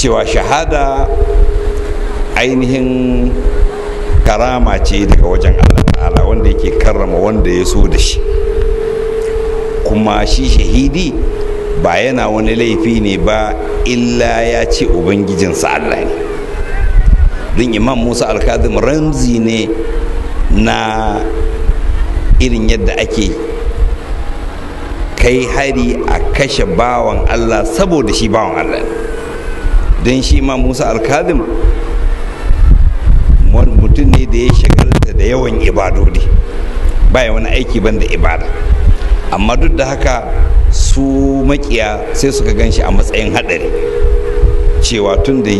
cewa shahada ainihin karama ce daga wajen allah ta'ala wanda yake karrama wanda ya so da shi kuma shi shahidi ba yana wani laifi ne ba illa ya ce ubangijinsa allah ne don imam musa alkadim ramzi ne na irin yadda ake kai hari a kashe bawan allah saboda shi bawan allah ne don shi ma musa alkazim mutum ne da ya shagalta da yawan ibadodi ya wani aiki ban da ibada amma duk da haka su makiya sai suka gan shi a matsayin haɗari cewa tun da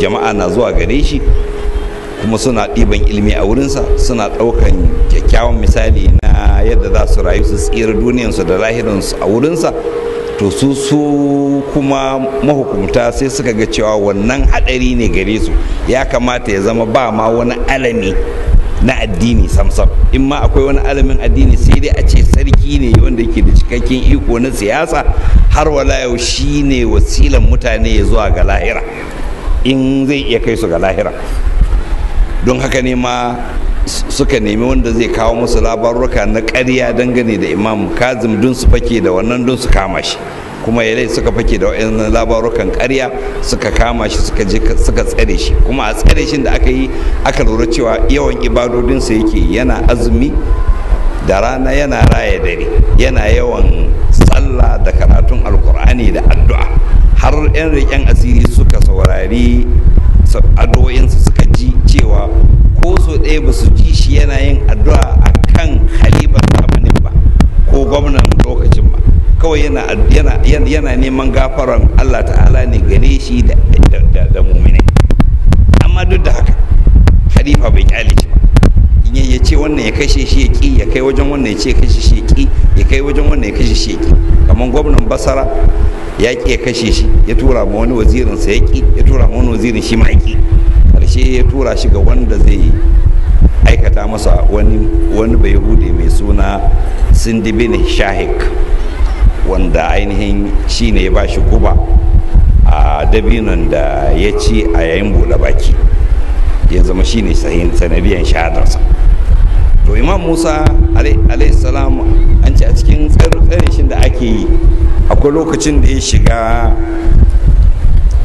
jama'a na zuwa gare shi kuma suna ɗiban ilimi a wurinsa suna ɗaukan kyakkyawan misali na yadda za su rayu su tsira duniyarsu da lahirinsu a wurinsa to su su kuma mahukumta sai suka ga cewa wannan hadari ne gare su ya kamata ya zama ba ma wani alami na addini samsam in ma akwai wani alamin addini sai dai a ce sarki ne wanda yake da cikakken iko na siyasa har wala yau shi ne wasilan mutane ya zuwa ga lahira in zai iya kai su ga lahira don haka ne ma suka nemi wanda zai kawo musu labaruka na ƙarya dangane da imam kazim dun su fake da wannan dun su kama shi kuma yalai suka fake da wa'in labarukan ƙarya suka kama shi suka je suka tsare shi kuma a tsare shi da aka yi aka lura cewa yawan ibadodinsa yake yana azumi da rana yana raya dare yana yawan sallah da karatun alkur'ani da addu'a har 'yan riƙen asiri suka saurari addu'o'insa suka ji cewa ko so ɗaya ba su ji shi yana yin addu'a a kan halifar zamanin ba ko gwamnan lokacin ba kawai yana neman gafaran allah ta'ala ne gare shi da mumine amma duk da haka halifa bai kyale shi ba in ya ce wannan ya kashe shi ya ki ya kai wajen wannan ya ce ya kashe shi ya ki ya kai wajen wannan ya kashe shi ya ki kamar gwamnan basara ya ki ya kashe shi ya tura ma wani wazirinsa ya ki ya tura ma wani wazirin shi ma ya ki ƙarshe ya tura shi ga wanda zai aikata masa wani wani bai hude mai suna sindibin shahik wanda ainihin shi ne ya ba shi guba a dabinon da ya ci a yayin buɗe baki ya zama shi ne sanadiyar to imam musa salam an ce a cikin tsarin da ake yi akwai lokacin da ya shiga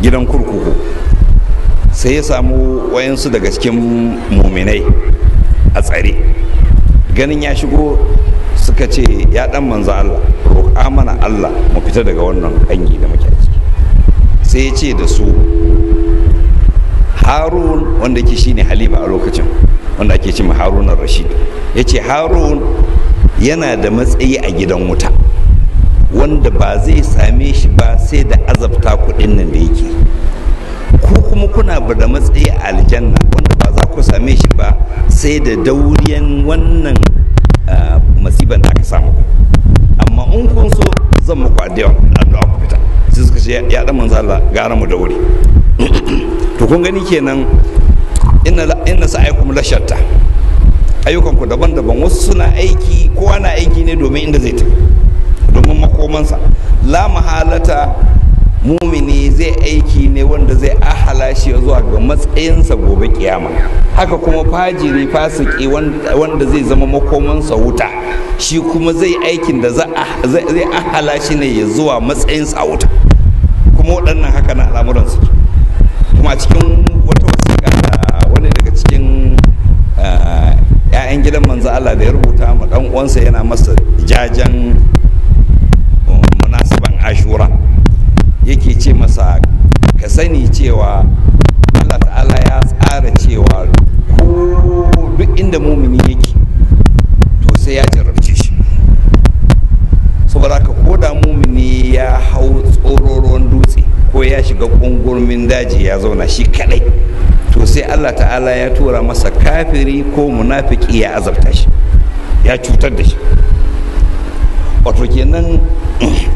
gidan kurkuku sai ya samu wayansu daga cikin muminai a tsare ganin ya shigo suka ce ya dan manzo Allah roƙa mana Allah mu fita daga wannan kangi da muke ciki sai ya ce da su harun wanda ke shine halima a lokacin wanda ake cima harun rashid ya ce harun yana da matsayi a gidan wuta wanda ba zai same shi ba sai da azabta ku aljanna wanda ba za ku same shi ba sai da dauriyan wannan ah, masiban da aka samu amma in kun so zan muku addu'a addu'a ku fita sai suka ce ya dan manzo Allah gara mu dauri to kun gani kenan inna inna sa'aykum la shatta ayyukan ku daban-daban wasu suna aiki kowa na aiki ne domin inda zai tafi domin makomansa la mahalata mumini zai aiki ne wanda zai ahala shi zuwa ga matsayinsa gobe kiyama haka kuma fajiri fasiki wanda zai zama makomansa wuta shi kuma zai aikin da zai ahala shi ne ya zuwa matsayinsa wuta kuma waɗannan haka na al'amuransu kuma cikin wata wasiƙa wani daga cikin eh, ‘ya'yan gidan manzo Allah da ya rubuta ma ɗan uwansa yana masa jajen cewa Allah ta'ala ya tsara cewa ko duk inda mumini yake to sai ya jarrabce shi saboda ka ko da mumini ya hau tsororon dutse ko ya shiga kungurmin daji ya zauna shi kadai to sai Allah ta'ala ya tura masa kafiri ko munafiki ya azabta shi ya cutar da shi wato kenan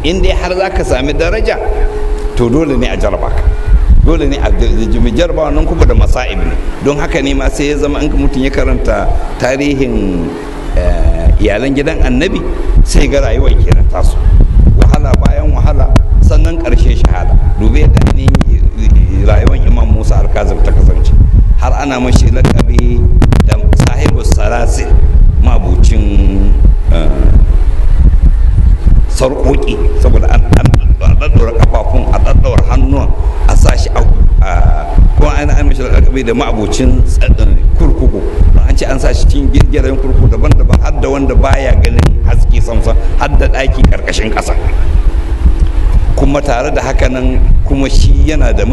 in dai har za ka sami daraja to dole ne a jarabaka dole ne a jami jarabawa nan kuma da masa'ib don haka ne ma sai ya zama an mutum ya karanta tarihin eh, iyalan gidan annabi sai ga rayuwar kenan tasu wahala bayan wahala sannan karshe shahada dube da ainihin rayuwar imam musa alkazim ta kasance har ana mashi lakabi da sahibu sarasi mabucin eh, sarƙoƙi saboda da ma'abocin kurkuku an ce an sa shi cikin girgiren kurkuku daban-daban har da wanda baya ganin haske samsan har da ɗaki karkashin ƙasa kuma tare da nan kuma shi yana da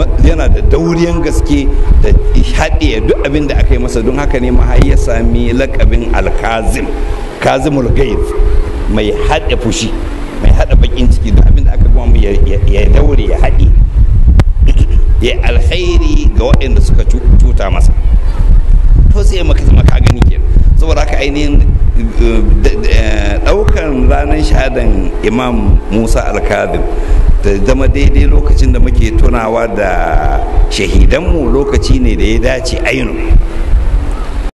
dauriyan gaske da haɗe duk abin da aka yi masa don haka ne ma ya sami lakabin alkazim kazimul gaif mai haɗe fushi mai haɗa bakin ciki duk abin da aka gama ya daure ya haɗe ya alkhairi ga waɗanda suka cuta masa to sai ya maka maka gani ke saboda haka ainihin eh, eh, eh, ɗaukan ranar shahadan imam musa alkazim ta zama daidai lokacin da muke tunawa da shahidanmu lokaci ne da ya dace ainihin